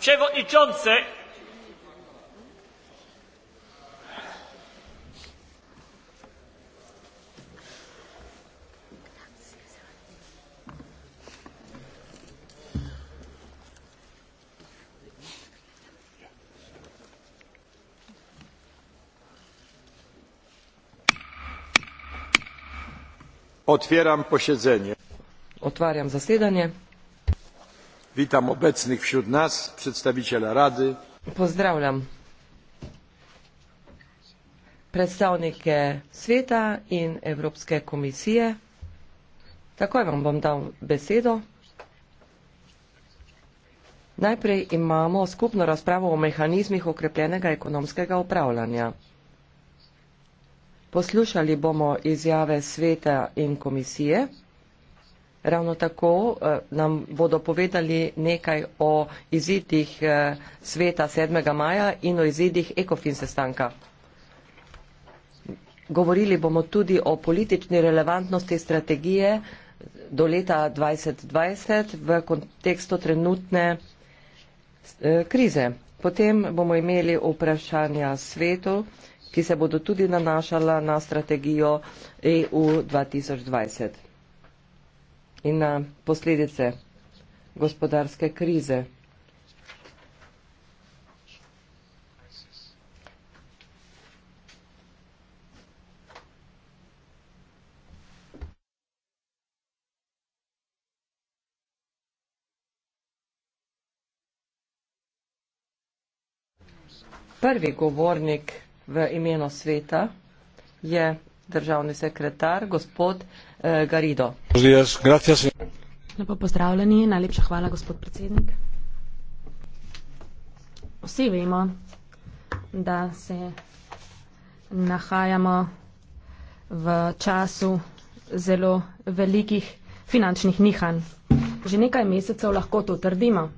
przewodniczący. Otwieram posiedzenie. Otwieram zasiedanie. Witam obecnych wśród nas przedstawiciela Rady. Pozdrawiam predstavnike sveta in Evropske komisije. Takoj vam bom dal besedo. Najprej imamo skupno razpravo o mehanizmih okrepljenega ekonomskega upravljanja. Poslušali bomo izjave sveta in komisije. Ravno tako eh, nam bodo povedali nekaj o izidih eh, sveta 7. maja in o izidih ekofin sestanka. Govorili bomo tudi o politični relevantnosti strategije do leta 2020 v kontekstu trenutne eh, krize. Potem bomo imeli vprašanja svetu, ki se bodo tudi nanašala na strategijo EU 2020 in na posledice gospodarske krize. Prvi govornik v imenu sveta je državni sekretar, gospod eh, Garido. Lepo pozdravljeni, najlepša hvala, gospod predsednik. Vsi vemo, da se nahajamo v času zelo velikih finančnih nihanj. Že nekaj mesecev lahko to trdimo.